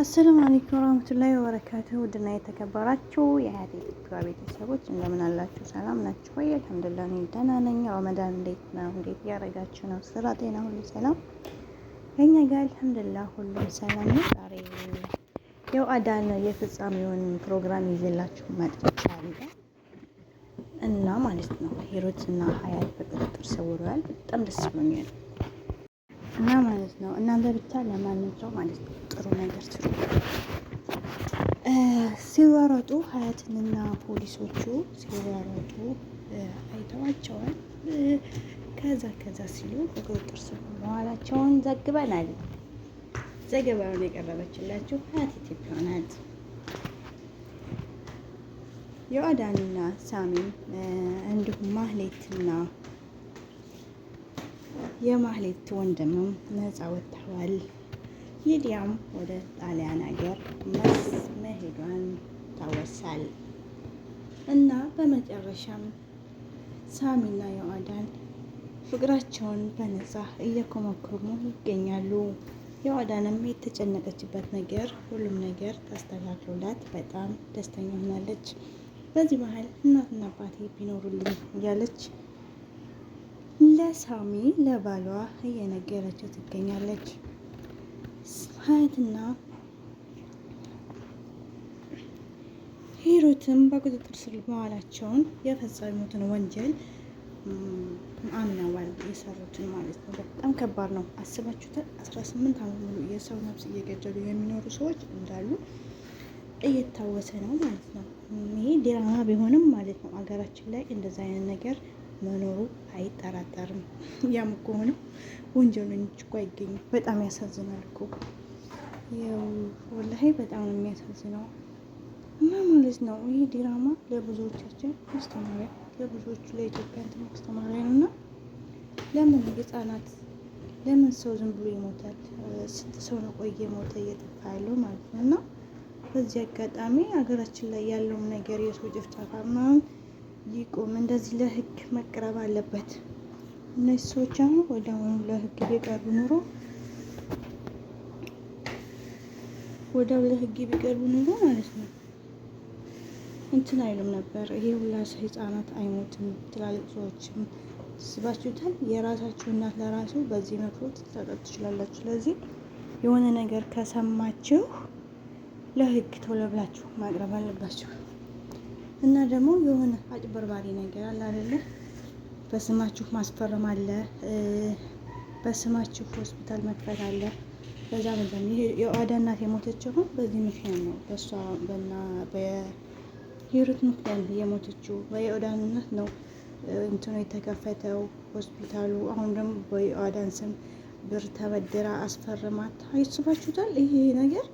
አሰላሙ አለይኩም ወራህመቱላሂ ወበረካቱሁ ውድና የተከበራችሁ የሀያት ኢትዮጵያ ቤተሰቦች እንደምን አላችሁ? ሰላም ናችሁ ወይ? አልሐምዱሊላህ እኔ ደህና ነኝ። ረመዳን እንዴት ነው? እንዴት እያደረጋችሁ ነው? ስራ፣ ጤና ሁሉ ሰላም? ከኛ ጋር አልሐምዱሊላህ ሁሉም ሰላም ነው። ዛሬ ያው አዳን የፍጻሜውን ፕሮግራም ይዤላችሁ መጥቻለሁ እና ማለት ነው ሂሩት እና ሀያት በቁጥጥር ስር ውለዋል። በጣም ደስ ብሎኛል። እና ማለት ነው እናንተ ብቻ ለማንም ሰው ማለት ነው ጥሩ ነገር ስሩ። ሲሯሯጡ ሀያትንና ፖሊሶቹ ሲሯሯጡ አይተዋቸዋል። ከዛ ከዛ ሲሉ በቁጥጥር ስር መዋላቸውን ዘግበናል። ዘገባውን የቀረበችላችሁ ሀያት ኢትዮጵያ ናት። የኦዳንና እንዲሁም ማህሌትና የማህሌት ወንድምም ነፃ ወጥተዋል። ሊዲያም ወደ ጣሊያን ሀገር መስ መሄዷን ታወሳል እና በመጨረሻም ሳሚና የዋዳን ፍቅራቸውን በነፃ እየኮመኮሙ ይገኛሉ። የዋዳንም የተጨነቀችበት ነገር ሁሉም ነገር ተስተካክሎላት በጣም ደስተኛ ሆናለች። በዚህ መሀል እናትና አባቴ ቢኖሩልኝ እያለች ለሳሚ ለባሏ እየነገረችው ትገኛለች። ሀያትና ሂሩትም በቁጥጥር ስር መዋላቸውን የፈጸሙትን ወንጀል አምናዋል። የሰሩትን ማለት ነው። በጣም ከባድ ነው። አስባችሁታል? አስራ ስምንት አመት ሙሉ የሰው ነፍስ እየገደሉ የሚኖሩ ሰዎች እንዳሉ እየታወሰ ነው ማለት ነው። ይሄ ዲራማ ቢሆንም ማለት ነው አገራችን ላይ እንደዚ አይነት ነገር መኖሩ አይጠራጠርም። ያም እኮ ሆነው ወንጀለኞች እኮ አይገኙም። በጣም ያሳዝናል እኮ ወላሂ፣ በጣም የሚያሳዝነው። እና ማለት ነው ይህ ዲራማ ለብዙዎቻችን ማስተማሪያ፣ ለብዙዎቹ ለኢትዮጵያ ትምህርት ማስተማሪያ ነው እና ለምን ህጻናት ለምን ሰው ዝም ብሎ ይሞታል? ስንት ሰው ነው ቆየ ሞተ እየጠፋ ያለው ማለት ነው። እና በዚህ አጋጣሚ ሀገራችን ላይ ያለውን ነገር የሰው ጭፍጨፋ ምናምን ይቁም። እንደዚህ ለህግ መቅረብ አለበት። እነዚህ ሰዎች አሁን ወደ አሁኑ ለህግ ቢቀርቡ ኑሮ ወዲያው ለህግ ቢቀርቡ ኑሮ ማለት ነው እንትን አይሉም ነበር። ይሄ ሁላ ህጻናት አይሞትም። ትላልቅ ሰዎችም ስባችሁታል። የራሳችሁ እናት ለራሱ በዚህ መክሮ ትታጠቅ ትችላላችሁ። ስለዚህ የሆነ ነገር ከሰማችሁ ለህግ ቶሎ ብላችሁ ማቅረብ አለባችሁ። እና ደግሞ የሆነ አጭበርባሪ ነገር አለ አይደለ? በስማችሁ ማስፈረም አለ፣ በስማችሁ ሆስፒታል መክፈት አለ። በዛ በዛ የዋዳ እናት የሞተችው አሁን በዚህ ምክንያት ነው። በእሷ በና በሂሩት ምክንያት የሞተችው በየአዳን እናት ነው እንትኑ የተከፈተው ሆስፒታሉ። አሁን ደግሞ በአዳን ስም ብር ተበድራ አስፈርማት አይስባችሁታል። ይሄ ነገር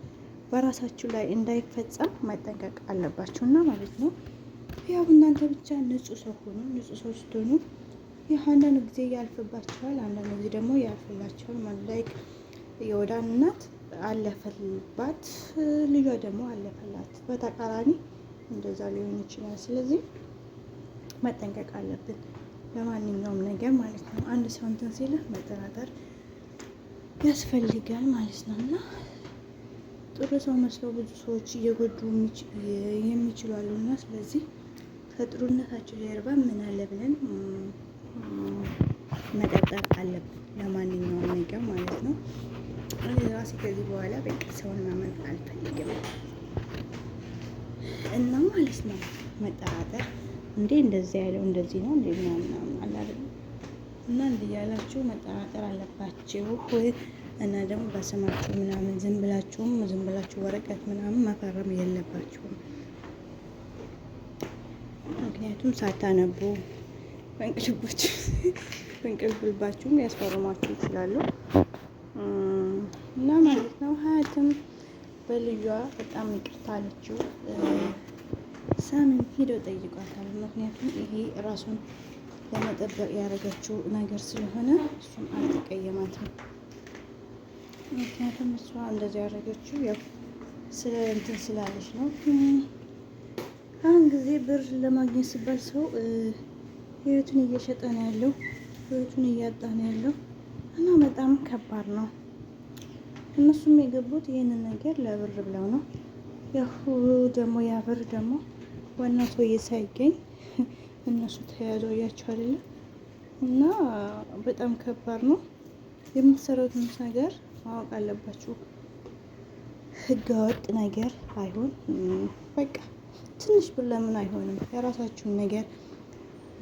በራሳችሁ ላይ እንዳይፈጸም መጠንቀቅ አለባችሁና ማለት ነው። ያው እናንተ ብቻ ንጹህ ሰው ሆኑ። ንጹህ ሰው ስትሆኑ ይህ አንዳንድ ጊዜ ያልፍባቸዋል፣ አንዳንድ ጊዜ ደግሞ ያልፍላቸዋል። ማለት የወዳን እናት አለፈልባት፣ ልጇ ደግሞ አለፈላት። በተቃራኒ እንደዛ ሊሆን ይችላል። ስለዚህ መጠንቀቅ አለብን ለማንኛውም ነገር ማለት ነው። አንድ ሰው እንትን ሲልህ መጠራጠር ያስፈልጋል ማለት ነው እና ጥሩ ሰው መስለው ብዙ ሰዎች እየጎዱ የሚችሉ አሉና ስለዚህ ከጥሩነታቸው ጀርባ ምን አለ ብለን መጠርጠር አለብን፣ ለማንኛውም ነገር ማለት ነው። ራሴ ከዚህ በኋላ በቃ ሰውን ማመን አልፈልግም እና ማለት ነው መጠራጠር እንዴ እንደዚህ ያለው እንደዚህ ነው እንዴ ምናምናም አላለ እና እንዲህ ያላችሁ መጠራጠር አለባችሁ። እና ደግሞ በስማችሁ ምናምን ዝም ብላችሁም ዝም ብላችሁ ወረቀት ምናምን መፈረም የለባችሁም። ምክንያቱም ሳታነቡ በእንቅልፍ ልባችሁም ይችላሉ እና ማለት ነው። ሀያትም በልጇ በጣም ይቅርታ አለችው። ሳምን ሄደው ጠይቋታል። ምክንያቱም ይሄ ራሱን ለመጠበቅ ያደረገችው ነገር ስለሆነ እሱም አልተቀየማትም። ምክንያቱም እሷ እንደዚያ ያደረገችው ያው ስለ እንትን ስላለች ነው። አሁን ጊዜ ብር ለማግኘት ሲባል ሰው ህይወቱን እየሸጠ ነው ያለው፣ ህይወቱን እያጣ ነው ያለው እና በጣም ከባድ ነው። እነሱም የገቡት ይህንን ነገር ለብር ብለው ነው። ያሁ ደግሞ ያ ብር ደግሞ ዋና ሰውዬ ሳይገኝ እነሱ ተያዘው እያቸው አይደለም እና በጣም ከባድ ነው። የምትሰሩትን ነገር ማወቅ አለባችሁ። ህገወጥ ነገር አይሆን በቃ ትንሽ ብር ለምን አይሆንም? የራሳችሁን ነገር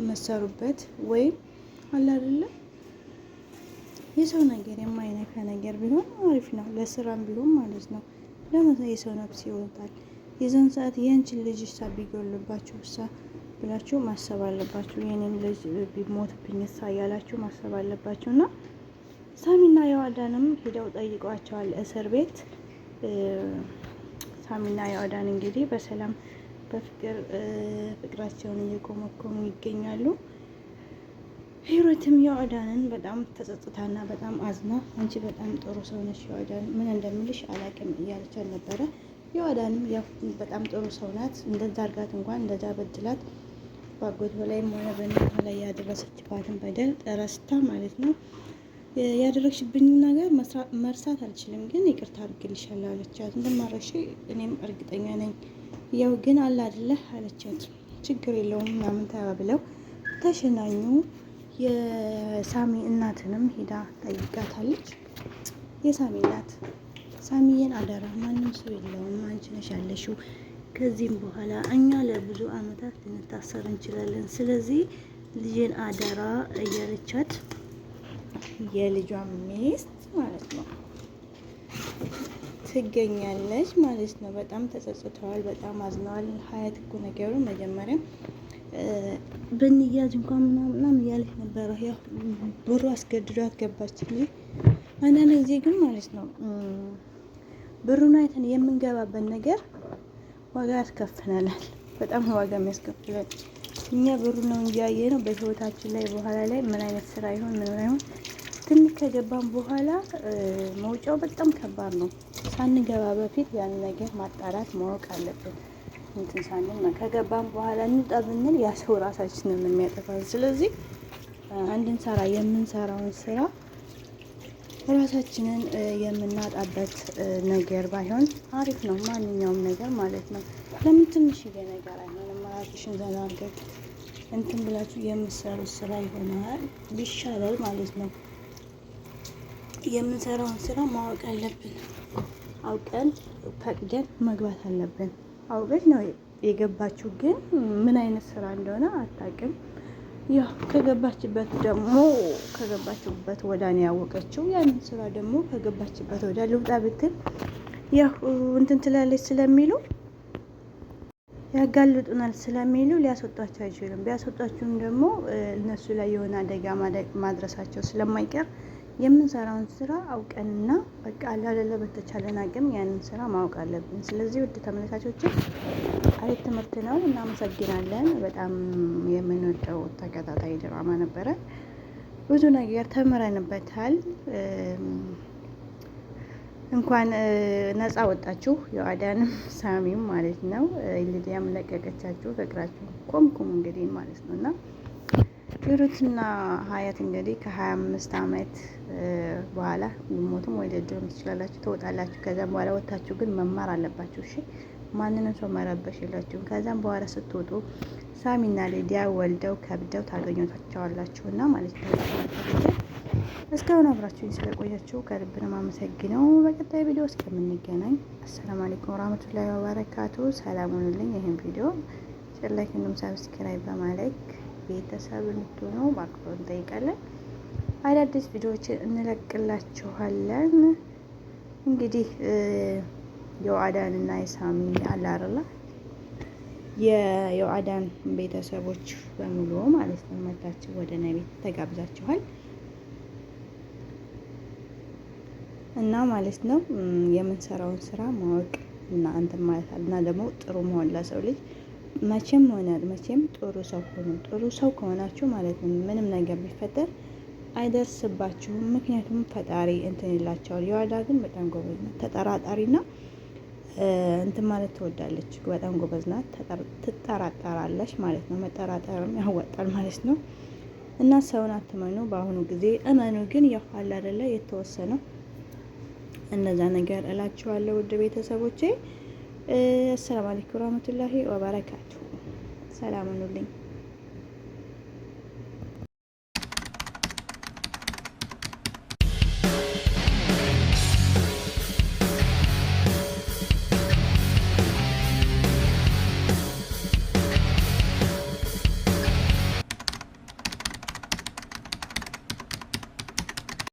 መሰሩበት ወይም አለ አይደለ የሰው ነገር የማይነካ ነገር ቢሆን አሪፍ ነው። ለስራም ቢሆን ማለት ነው። ለምን የሰው ነፍስ ይወጣል? የዘን ሰዓት ያንቺን ልጅ ሳ ቢጎልባችሁ ሳ ብላችሁ ማሰብ አለባችሁ። የኔም ልጅ ቢሞትብኝ ሳ እያላችሁ ማሰብ አለባችሁ። እና ሳሚና የዋዳንም ሄደው ጠይቋቸዋል እስር ቤት። ሳሚና የዋዳን እንግዲህ በሰላም በፍቅር ፍቅራቸውን እየኮመኮሙ ይገኛሉ። ሂሩትም የአዳንን በጣም ተጸጽታና በጣም አዝና አንቺ በጣም ጥሩ ሰው ነሽ የአዳን ምን እንደምልሽ አላውቅም እያለች ነበረ። የአዳንም በጣም ጥሩ ሰው ናት፣ እንደዛ አድርጋት እንኳን እንደዛ በድላት ባጎት በላይ ሆነ በእናቷ ላይ ያደረሰችባትን በደል ጠረስታ ማለት ነው ያደረግሽብኝ ነገር መርሳት አልችልም፣ ግን ይቅርታ አድርግልሻለሁ አለቻት። እንደማረግሽ እኔም እርግጠኛ ነኝ ያው ግን አለ አይደለ አለቻት። ችግር የለውም ምናምን ተባብለው ተሸናኙ። የሳሚ እናትንም ሄዳ ጠይቃታለች። የሳሚ እናት ሳሚዬን አደራ ማንም ሰው የለውም አንቺ ነሽ ያለሽው። ከዚህም በኋላ እኛ ለብዙ አመታት ልንታሰር እንችላለን። ስለዚህ ልጅን አደራ እያለቻት የልጇ ሚስት ማለት ነው ትገኛለች ማለት ነው። በጣም ተጸጽተዋል፣ በጣም አዝነዋል። ሀያት እኮ ነገሩ መጀመሪያ በንያዝ እንኳን ምናምናም እያለች ነበረ። ያው ብሩ አስገድዷት ገባች። አንዳንድ ጊዜ ግን ማለት ነው ብሩን አይተን የምንገባበት ነገር ዋጋ ያስከፍለናል። በጣም ዋጋ የሚያስከፍለን እኛ ብሩ ነው እንጂ ነው በህይወታችን ላይ በኋላ ላይ ምን አይነት ስራ ይሆን ምን ይሆን ከገባን በኋላ መውጫው በጣም ከባድ ነው። ሳንገባ በፊት ያን ነገር ማጣራት ማወቅ አለብን። እንትን ሳንል ከገባን በኋላ እንውጣ ብንል ያ ሰው ራሳችንን የሚያጠፋን። ስለዚህ አንድን ስራ የምንሰራውን ስራ ራሳችንን የምናጣበት ነገር ባይሆን አሪፍ ነው። ማንኛውም ነገር ማለት ነው። ለምን ትንሽ ይሄ ነገር አይሆንም። ራሳችንን ዘና አድርገን እንትን ብላችሁ የምትሰሩት ስራ ይሆናል ቢሻላል ማለት ነው። የምንሰራውን ስራ ማወቅ አለብን። አውቀን ፈቅደን መግባት አለብን። አውቀች ነው የገባችው፣ ግን ምን አይነት ስራ እንደሆነ አታውቅም። ያው ከገባችበት ደግሞ ከገባችሁበት ወዳ ነው ያወቀችው። ያንን ስራ ደግሞ ከገባችበት ወዳ ልውጣ ብትል ያው እንትን ትላለች ስለሚሉ ያጋልጡናል ስለሚሉ ሊያስወጧቸው አይችሉም። ቢያስወጧችሁም ደግሞ እነሱ ላይ የሆነ አደጋ ማድረሳቸው ስለማይቀር የምንሰራውን ስራ አውቀንና በቃ አላለለ በተቻለን አቅም ያንን ስራ ማወቅ አለብን። ስለዚህ ውድ ተመልካቾችን አሪፍ ትምህርት ነው፣ እናመሰግናለን። በጣም የምንወደው ተከታታይ ድራማ ነበረ። ብዙ ነገር ተምረንበታል። እንኳን ነፃ ወጣችሁ፣ የአዳንም ሳሚም ማለት ነው። ልዲያም ለቀቀቻችሁ፣ ፍቅራችሁ ቆምኩም እንግዲህ ማለት ነው እና ሂሩትና ሀያት እንግዲህ ከሀያ አምስት አመት በኋላ ሞትም ወይ ደድርም ትችላላችሁ ትወጣላችሁ። ከዛም በኋላ ወታችሁ ግን መማር አለባችሁ። እሺ ማንንም ሰው መረበሽ የላችሁም። ከዛም በኋላ ስትወጡ ሳሚና ሌዲያ ወልደው ከብደው ታገኟቸዋላችሁ እና ማለት ነው። እስካሁን አብራችሁኝ ስለቆያችሁ ከልብ ነው የማመሰግነው። በቀጣይ ቪዲዮ እስከምንገናኝ አሰላሙ አለይኩም ወራህመቱላሂ ወበረካቱ። ሰላም ሁኑልኝ። ይህን ቪዲዮ ላይክ እንዲሁም ሰብስክራይብ በማለክ ቤተሰብ እንድትሆኑ በአክብሮት እንጠይቃለን። አዳዲስ ቪዲዮዎችን እንለቅላችኋለን። እንግዲህ የአዳን እና የሳሚ አላርላ የአዳን ቤተሰቦች በሙሉ ማለት ነው መታችሁ ወደ ና ቤት ተጋብዛችኋል እና ማለት ነው የምንሰራውን ስራ ማወቅ እና እንትን ማለት እና ደግሞ ጥሩ መሆን ለሰው ልጅ መቼም ሆነ መቼም ጥሩ ሰው ሆኑ። ጥሩ ሰው ከሆናችሁ ማለት ነው ምንም ነገር ቢፈጠር አይደርስባችሁም። ምክንያቱም ፈጣሪ እንትን ይላቸዋል። የዋዳ ግን በጣም ጎበዝ ናት። ና እንትን ማለት ትወዳለች። በጣም ጎበዝ ናት። ትጠራጠራለች ማለት ነው። መጠራጠርም ያዋጣል ማለት ነው። እና ሰውን አትመኑ። በአሁኑ ጊዜ እመኑ። ግን የኋላ አይደለ የተወሰነ እነዛ ነገር እላችኋለሁ ውድ ቤተሰቦቼ። አሰላሙ አለይኩም ወራህመቱላሂ ወበረካቱ። ሰላም ሁኑልኝ።